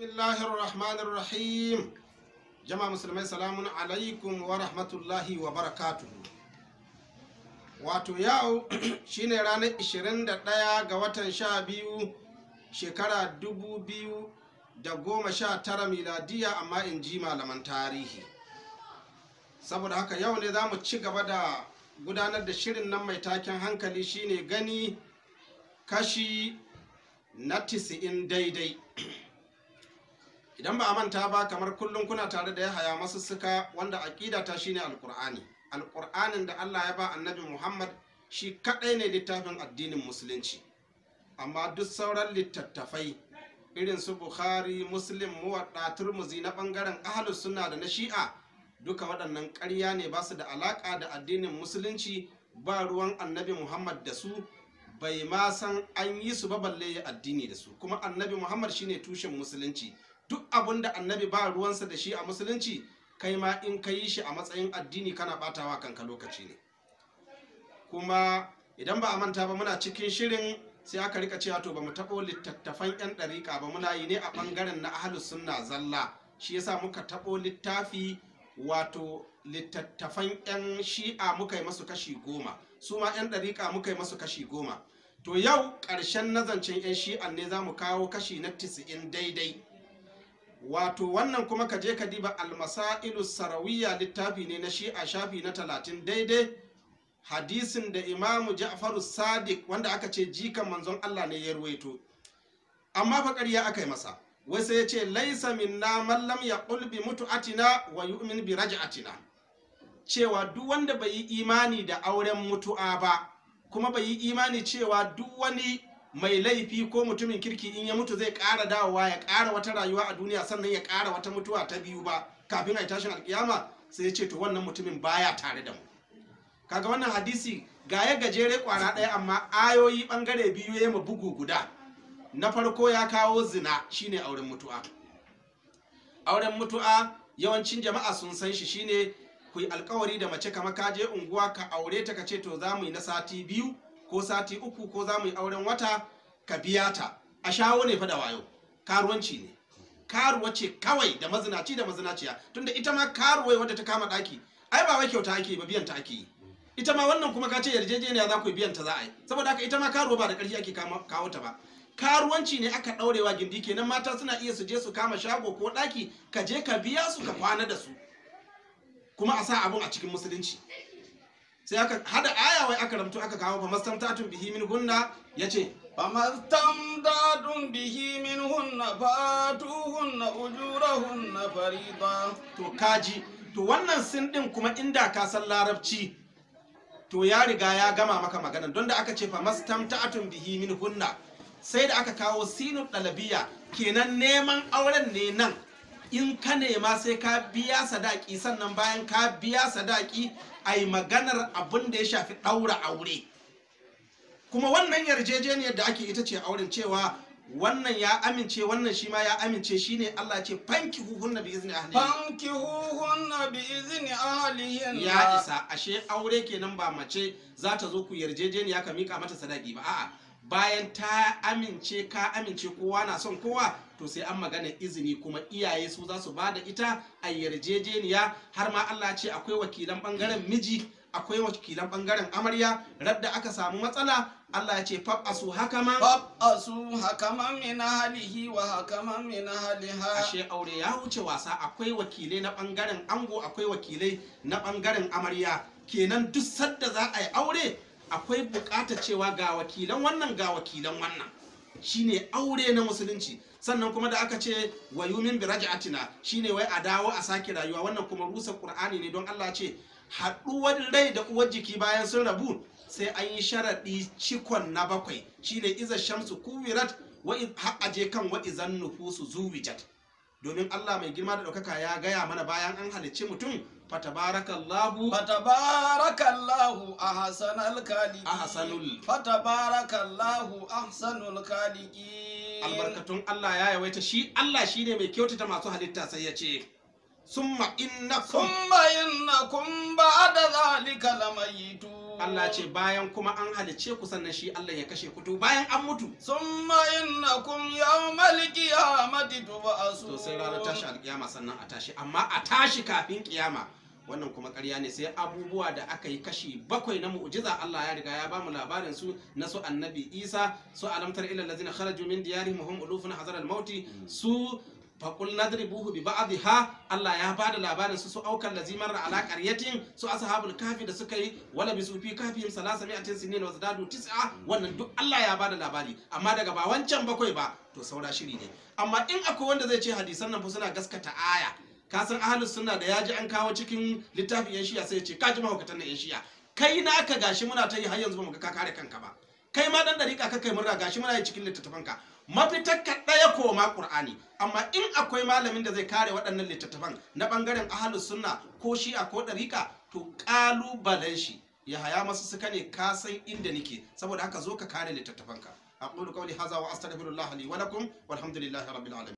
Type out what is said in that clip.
bismillahir rahmanir rahim jama'a musulmai salamun alaikum wa rahmatullahi wa barakatuhu wato yau shine ranar 21 ga watan 12 shekara 2019 miladiya amma in ji malaman tarihi saboda haka yau ne za mu ci gaba da gudanar da shirin nan mai taken hankali shine gani kashi na 90 daidai idan ba a manta ba kamar kullum kuna tare da ya yahaya suka wanda aƙida ta shine alƙur'ani alƙur'anin da allah ya ba annabi muhammad shi kaɗai ne littafin addinin musulunci amma duk sauran littattafai irin su bukhari muslim muwadda turmuzi na ɓangaren ahalus suna da na shi'a duka waɗannan ƙarya ne ba su da alaƙa da addinin musulunci ba ruwan annabi muhammad da su bai ma san an yi su ba balle ya addini da su kuma annabi muhammad shine tushen musulunci duk abun da annabi ba ruwansa da shi a musulunci kai ma in ka yi shi a matsayin addini kana batawa kanka lokaci ne kuma idan ba a manta ba muna cikin shirin sai aka rika cewa to ba mu taɓo littattafan 'yan ɗariƙa ba muna yi ne a ɓangaren na ahalus sunna zalla shi yasa muka taɓo littafi wato littattafan 'yan shi'a muka yi masu kashi goma su ma 'yan ɗariƙa muka yi masu kashi goma to yau ƙarshen nazancin 'yan shi'an ne za mu kawo kashi na 90 daidai wato wannan kuma ka je ka diba almasailu sarawiya littafi ne na shi'a shafi na talatin daidai hadisin da imamu ja'faru sadiq wanda aka ce jikan manzon allah ne ya ruwaito amma fa ƙarya aka yi masa wai sai ya ce laisa minna mallam ya yaqul mutu atina wa yu'min bi raj'atina cewa duk wanda bai yi imani da auren mutu'a ba kuma bai yi imani cewa duk wani mai laifi ko mutumin kirki in ya mutu zai kara dawowa ya kara wata rayuwa a duniya sannan ya kara wata mutuwa ta biyu ba kafin a yi tashin alkiyama sai ya ce to wannan mutumin baya tare da mu kaga wannan hadisi ga ya gajere kwana ɗaya amma ayoyi ɓangare biyu ya ma bugu guda na farko ya kawo zina shine auren mutuwa. auren mutuwa, yawancin jama'a sun san shi shine ku yi alkawari da mace kama ka je unguwa ka aure ta ka ce to za mu yi na sati biyu ko sati uku ko za mu yi auren wata ka biya ta a shawo ne fada wayo karuwanci ne karuwa ce kawai da mazinaci da mazinaciya tunda ita ma karuwa wadda ta kama daki ai ba wai kyauta ake ba biyan ta ake ita ma wannan kuma ka ce yarjejeniya za ku biyan ta za a yi saboda haka ita ma karuwa ba da ƙarfi ake kawo ta ba karuwanci ne aka ɗaurewa gindi kenan mata suna iya su je su kama shago ko ɗaki ka je ka biya su ka kwana da su kuma a sa abun a cikin musulunci sai aka hada aya wai aka ramtu aka kawo ba mastamtatun bihi min hunna yace ba mastamtatun bihi min hunna ujura ujurahunna farida to kaji to wannan sin din kuma inda ka san larabci to ya riga ya gama maka magana don da aka ce fa mastamtatun bihi min hunna sai da aka kawo sinu dalabiya kenan neman auren ne nan in ka nema sai ka biya sadaki sannan bayan ka biya sadaki a yi maganar abin da ya shafi ɗaura aure kuma wannan yarjejeniyar da ake ita ce auren cewa wannan ya amince wannan shi ma ya amince shi ne Allah ce fanki huhunna bi izni ahlihin fanki huhunna bi ya isa ashe aure kenan ba mace za ta zo ku yarjejeniya ka mika mata sadaki ba a'a bayan ta amince ka amince kowa na son kowa to sai an magana izini kuma iyaye su za su bada ita a yarjejeniya har ma Allah ce akwai wakilan bangaren miji akwai wakilan bangaren amarya radda aka samu matsala Allah ya ce hakama hakaman asu hakaman min halihi wa hakaman min haliha ashe aure ya wuce wasa akwai wakilai na bangaren ango akwai wakilai na bangaren amarya kenan duk sadda za a yi aure akwai bukata cewa ga wakilan wannan ga wakilan wannan shine aure na musulunci sannan kuma da aka ce wa yumin bi raj'atina shine wai a dawo a sake rayuwa wannan kuma rusa qur'ani ne don Allah ce haɗuwar rai da uwar jiki bayan sun rabu sai an yi sharaɗi cikon na bakwai shine iza shamsu kuwirat wa aje kan wa izan nufusu zuwijat domin Allah mai girma da ɗaukaka ya gaya mana bayan an halicci mutum fatabarakallahu fatabarakallahu ahsanul khaliqin ahsanul fatabarakallahu ahsanul khaliqin albarkatun Allah ya yawaita shi Allah shine mai kyautata masu halitta sai ya ce summa innakum summa innakum ba'da zalika lamaytun Allah ce bayan kuma an halice ku sannan shi Allah ya kashe ku to bayan an mutu summa innakum yawmal qiyamati tub'asu to sai ranar tashi alkiyama sannan a tashi amma a tashi kafin kiyama wannan kuma ƙarya ne sai abubuwa da aka yi kashi bakwai na mu'jiza Allah ya riga ya ba mu labarin su na su annabi Isa su alamtar ilal ladzina kharaju min diyarihim hum ulufun hazar al-mauti su fakul nadri buhu bi ba'adhi ha Allah ya bada labarin su su aukan lazimar da ala ƙaryatin su ashabul kafi da suka yi wala bi sufi kafihim salasa atin sinin wa zadadu tis'a wannan duk Allah ya bada labari amma daga ba wancan bakwai ba to saura shiri ne amma in akwai wanda zai ce hadisan nan fa suna gaskata aya ka san ahlus sunna da yaji an kawo cikin littafin yan shiya sai ya ce ka ji mahaukatan yan shiya kai na aka gashi muna ta yi har yanzu ba mu ka kare kanka ba kai ma dan dariƙa ka kai murna gashi muna yi cikin littattafanka mafitar ka ɗaya koma ƙur'ani amma in akwai malamin da zai kare waɗannan littattafan na ɓangaren ahalus sunna ko shi'a ko ɗariƙa to ƙalubalen shi ya haya masu suka ne ka san inda nike saboda haka zo ka kare littattafanka أقول قولي هذا وأستغفر الله لي ولكم والحمد لله رب العالمين